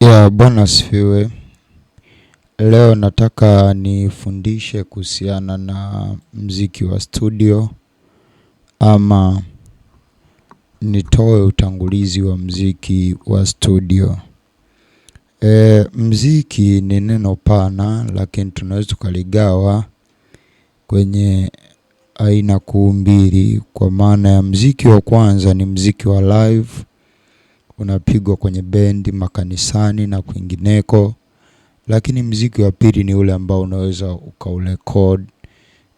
Ya Bwana asifiwe. Leo nataka nifundishe kuhusiana na mziki wa studio ama nitoe utangulizi wa mziki wa studio. E, mziki ni neno pana lakini tunaweza tukaligawa kwenye aina kuu mbili kwa maana ya mziki wa kwanza ni mziki wa live unapigwa kwenye bendi makanisani na kwingineko, lakini mziki wa pili ni ule ambao unaweza ukaurecord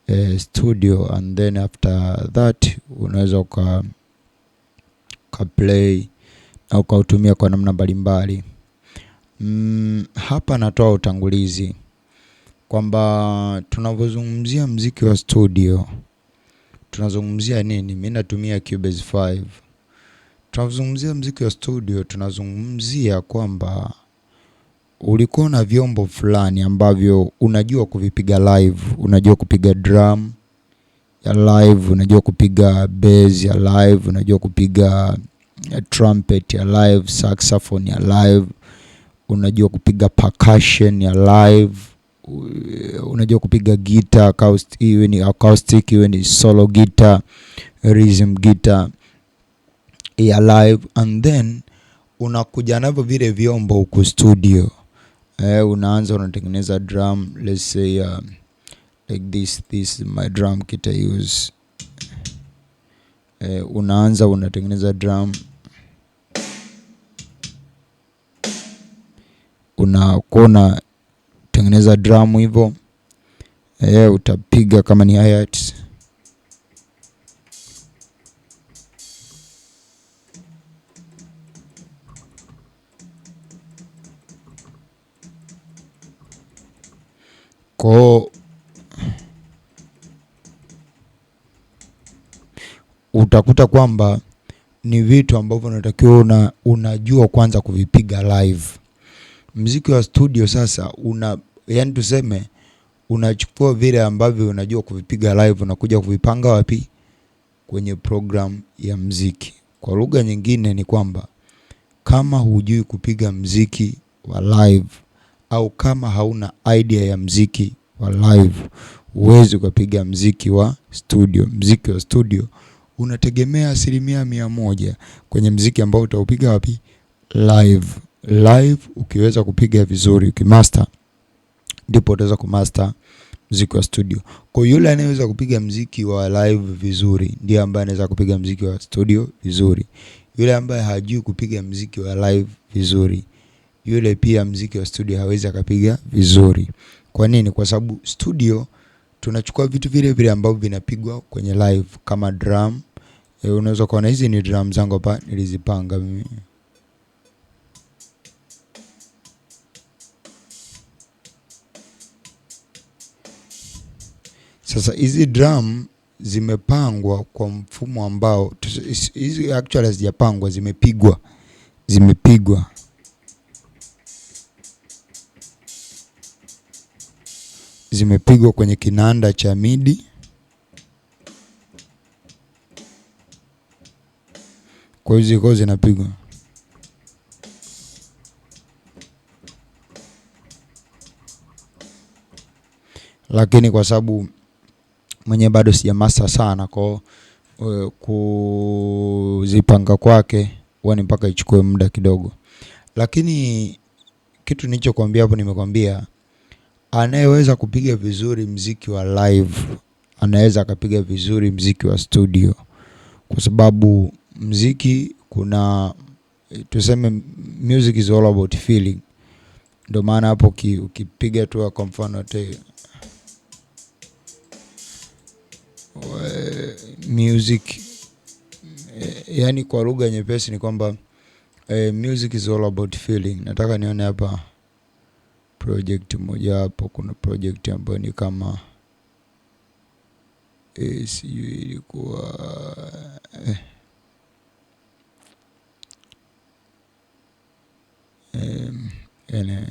eh, studio and then after that unaweza uka, uka play na ukautumia kwa namna mbalimbali. Mm, hapa natoa utangulizi kwamba tunavyozungumzia mziki wa studio tunazungumzia nini? Mimi natumia Cubase 5 tunazungumzia mziki wa studio, tunazungumzia kwamba ulikuwa na vyombo fulani ambavyo unajua kuvipiga live, unajua kupiga drum ya live, unajua kupiga bass ya live, unajua kupiga eh, trumpet ya live, saxophone ya live, unajua kupiga percussion ya live, unajua kupiga guitar acoustic, iwe ni acoustic, iwe ni solo guitar, rhythm guitar ya live and then unakuja navyo vile vyombo huku studio eh, unaanza unatengeneza drum let's say uh, like this this my drum kit I use eh, unaanza unatengeneza drum unakuwa unatengeneza drum hivyo eh, utapiga kama ni hi hats Kwao utakuta kwamba ni vitu ambavyo unatakiwa una, unajua kwanza kuvipiga live. Mziki wa studio sasa una yani, tuseme unachukua vile ambavyo unajua kuvipiga live, unakuja kuvipanga wapi? Kwenye program ya mziki. Kwa lugha nyingine ni kwamba kama hujui kupiga mziki wa live au kama hauna idea ya mziki wa live huwezi ukapiga mziki wa studio. Mziki wa studio unategemea asilimia mia moja kwenye mziki ambao utaupiga wapi? Live. Live ukiweza kupiga vizuri, ukimaster, ndipo utaweza kumaster mziki wa studio. Kwa hiyo yule anayeweza kupiga mziki wa live vizuri ndiye ambaye anaweza kupiga mziki wa studio vizuri. Yule ambaye hajui kupiga mziki wa live vizuri yule pia mziki wa studio hawezi akapiga vizuri. Kwa nini? Kwa sababu studio tunachukua vitu vile vile ambavyo vinapigwa kwenye live kama drum. E, unaweza kuona hizi ni drum zangu hapa nilizipanga mimi. Sasa hizi drum zimepangwa kwa mfumo ambao hizi actually hazijapangwa, zimepigwa zimepigwa zimepigwa kwenye kinanda cha midi kwa hiyo zilikuwa zinapigwa lakini kwa sababu mwenyewe bado sijamasa sana kwao, eh, kuzipanga kwake huwa ni mpaka ichukue muda kidogo, lakini kitu nilichokuambia hapo nimekwambia anayeweza kupiga vizuri mziki wa live anaweza akapiga vizuri mziki wa studio, kwa sababu mziki kuna tuseme, music is all about feeling. Ndio maana hapo ukipiga tu kwa mfano te music, yani kwa lugha nyepesi ni kwamba eh, music is all about feeling. Nataka nione hapa project moja wapo, kuna project ambayo ni kama e, sijui ilikuwa eh, eh,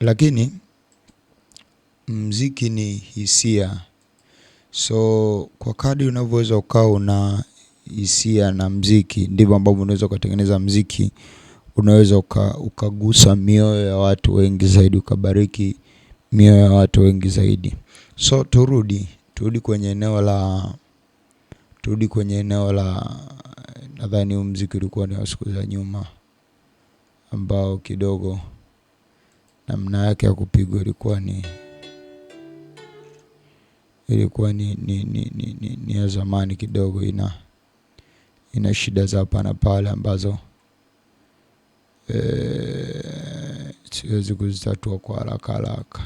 lakini mziki ni hisia, so kwa kadri unavyoweza ukawa una hisia na mziki ndivyo ambavyo unaweza ukatengeneza mziki unaweza uka, ukagusa mioyo ya watu wengi zaidi, ukabariki mioyo ya watu wengi zaidi. So turudi turudi kwenye eneo la turudi kwenye eneo la, nadhani huu mziki ulikuwa ni wa siku za nyuma, ambao kidogo namna yake ya kupigwa ilikuwa ni ilikuwa ni, ni, ni, ni, ni, ni ya zamani kidogo, ina ina shida za hapa na pale ambazo e, siwezi kuzitatua kwa haraka haraka.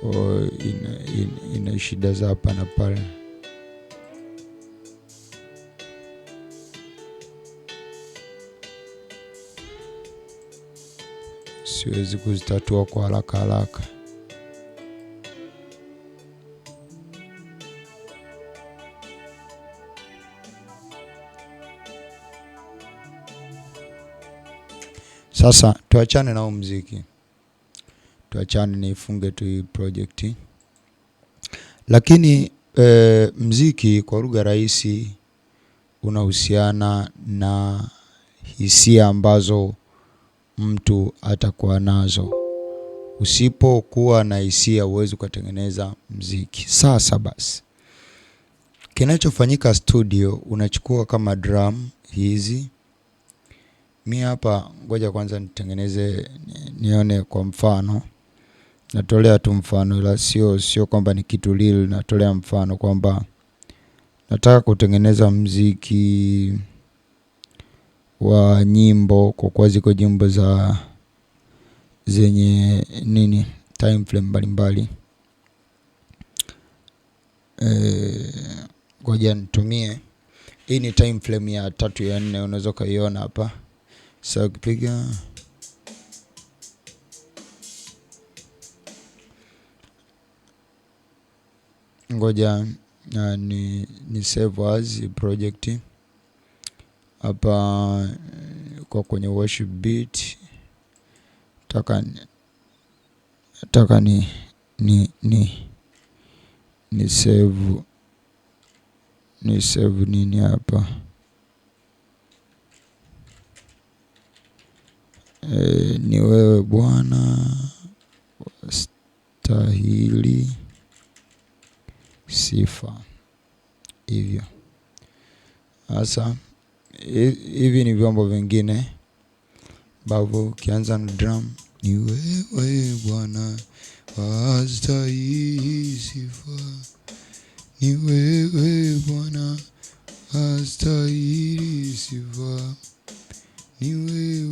Kwa ina, ina, ina shida za hapa na pale. Siwezi kuzitatua kwa haraka haraka. Sasa tuachane na mziki, tuachane niifunge tu hii project, lakini e, mziki kwa lugha rahisi unahusiana na hisia ambazo mtu atakuwa nazo. Usipokuwa na hisia huwezi ukatengeneza mziki. Sasa basi, kinachofanyika studio, unachukua kama drum hizi Mi hapa ngoja kwanza nitengeneze, nione kwa mfano. Natolea tu mfano, ila sio sio kwamba ni kitu real. Natolea mfano kwamba nataka kutengeneza mziki wa nyimbo, kwa kuwa ziko nyimbo za zenye nini time frame mbalimbali. Eh, ngoja e, nitumie hii ni time frame ya tatu ya nne, unaweza ukaiona hapa. Sasa ukipiga ngoja uh, ni, ni save as project hapa kwa kwenye worship beat taka taka ni ni ni ni save ni save nini hapa E, ni wewe Bwana stahili sifa. Hivyo sasa, hivi ni vyombo vingine ambavyo ukianza na drum, ni wewe Bwana wastahili sifa, ni wewe Bwana wastahili sifa, ni wewe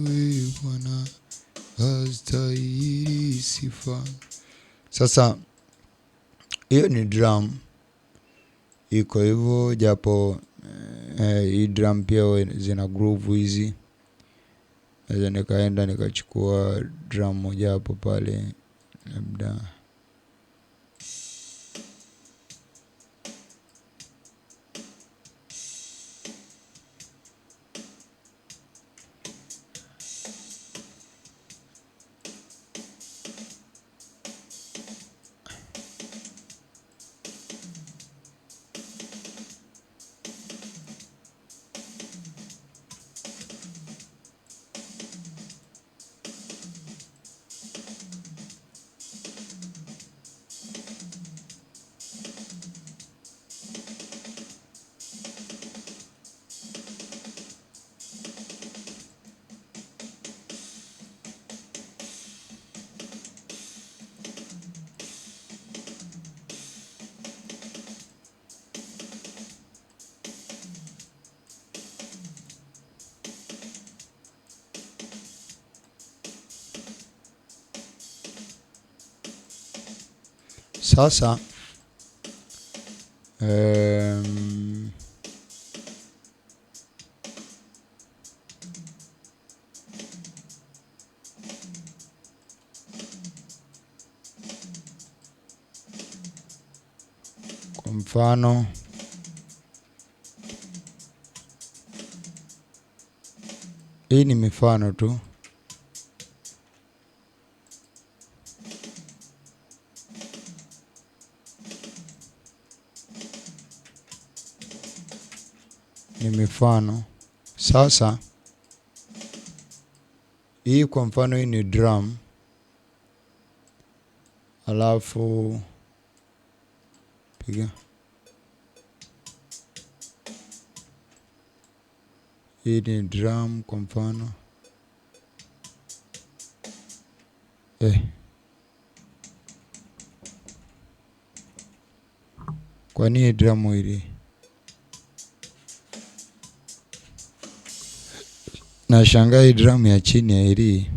hapa. Sasa hiyo ni drum iko hivyo, japo eh, hii drum pia zina groove hizi. Naweza nikaenda nikachukua drum moja hapo pale labda Sasa um, kwa mfano hii ni mifano tu. ni mifano. Sasa hii kwa mfano, hii ni drum, alafu piga hii ni drum kwa mfano eh. Kwa nini drum hili Nashangaa hii drum ya chini ya hili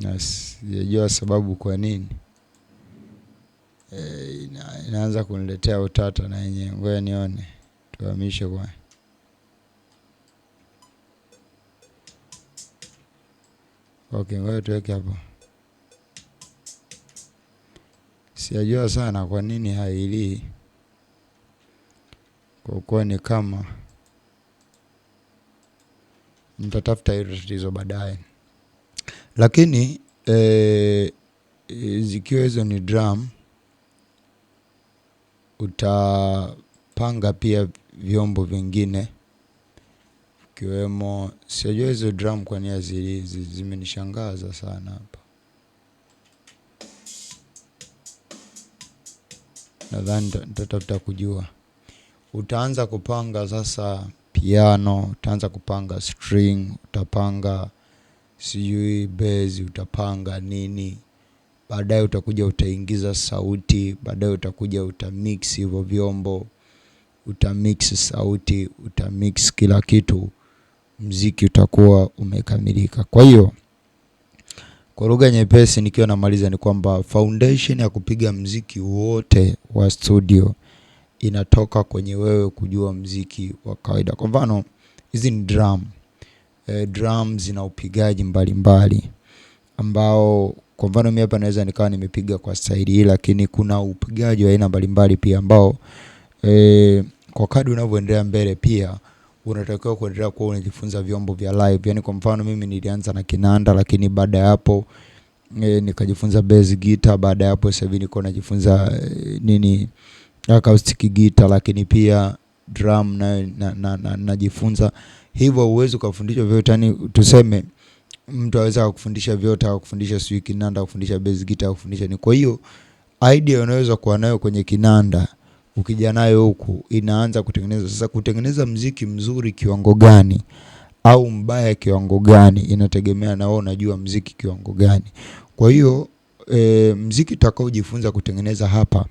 na sijajua sababu kwa nini e, ina, inaanza kuniletea utata na yenye. Ngoja nione tuhamishe kwa okay, ngoja tuweke hapo. Sijajua sana kwa nini hailii kwa kuwa ni kama mtatafuta hilo tatizo baadaye. Lakini e, zikiwa hizo ni drum, utapanga pia vyombo vingine ikiwemo, sijajua hizo drum kwa nia zili zimenishangaza sana hapa. Nadhani nitatafuta kujua, utaanza kupanga sasa piano, utaanza kupanga string, utapanga sijui bass, utapanga nini, baadaye utakuja utaingiza sauti, baadaye utakuja utamix hivyo vyombo, utamix sauti, utamix kila kitu, mziki utakuwa umekamilika. Kwa hiyo kwa lugha nyepesi, nikiwa namaliza ni kwamba foundation ya kupiga mziki wote wa studio inatoka kwenye wewe kujua mziki wa kawaida. Kwa mfano hizi ni drum. E, drum zina upigaji mbalimbali ambao kwa mfano mimi hapa naweza nikawa nimepiga kwa staili hii, lakini kuna upigaji wa aina mbalimbali pia ambao e, kwa kadri unavyoendelea mbele pia unatakiwa kuendelea kuwa unajifunza vyombo vya live. Yani kwa mfano mimi nilianza na kinanda, lakini baada ya hapo e, nikajifunza bass guitar. Baada ya hapo sasa hivi niko najifunza e, nini acoustic guitar, lakini pia drum nayo najifunza na, na, na hivyo huwezi ukafundishwa vyote, yani tuseme mtu aweza akufundisha vyote, akufundisha sijui kinanda, akufundisha bass guitar, akufundisha ni. Kwa hiyo idea unaweza kuwa nayo kwenye kinanda, ukija nayo huku inaanza kutengeneza sasa. Kutengeneza mziki mzuri kiwango gani au mbaya kiwango gani inategemea na wewe unajua mziki kiwango gani. Kwa hiyo e, mziki utakaojifunza kutengeneza hapa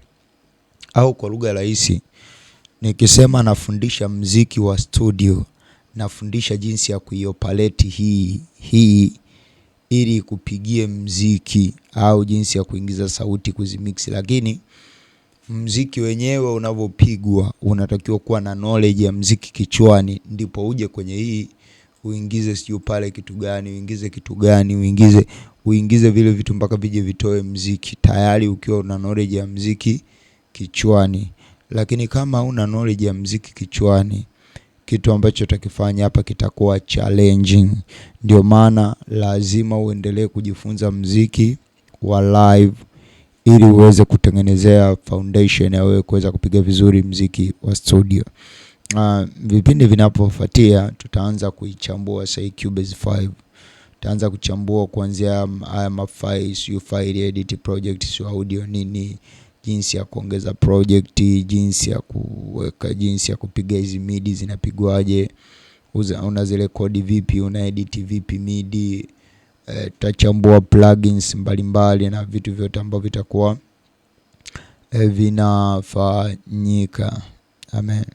au kwa lugha rahisi nikisema nafundisha mziki wa studio, nafundisha jinsi ya kuiopaleti hii hii ili kupigie mziki au jinsi ya kuingiza sauti kuzimiksi, lakini mziki wenyewe unavyopigwa unatakiwa kuwa na knowledge ya mziki kichwani, ndipo uje kwenye hii uingize sijui pale kitu gani uingize kitu gani uingize uingize vile vitu mpaka vije vitoe mziki, tayari ukiwa una knowledge ya mziki kichwani, lakini kama una knowledge ya mziki kichwani, kitu ambacho utakifanya hapa kitakuwa challenging. Ndio maana lazima uendelee kujifunza mziki wa live ili uweze kutengenezea foundation ya wewe kuweza kupiga vizuri mziki wa studio. Uh, vipindi vinapofuatia tutaanza kuichambua sasa Cubase 5. Tutaanza kuchambua kuanzia haya mafiles, file edit sio audio nini jinsi ya kuongeza project, jinsi ya kuweka, jinsi ya kupiga hizi midi zinapigwaje, una zile kodi vipi, una edit vipi midi e, tachambua plugins mbalimbali mbali, na vitu vyote ambavyo vitakuwa e, vinafanyika. Amen.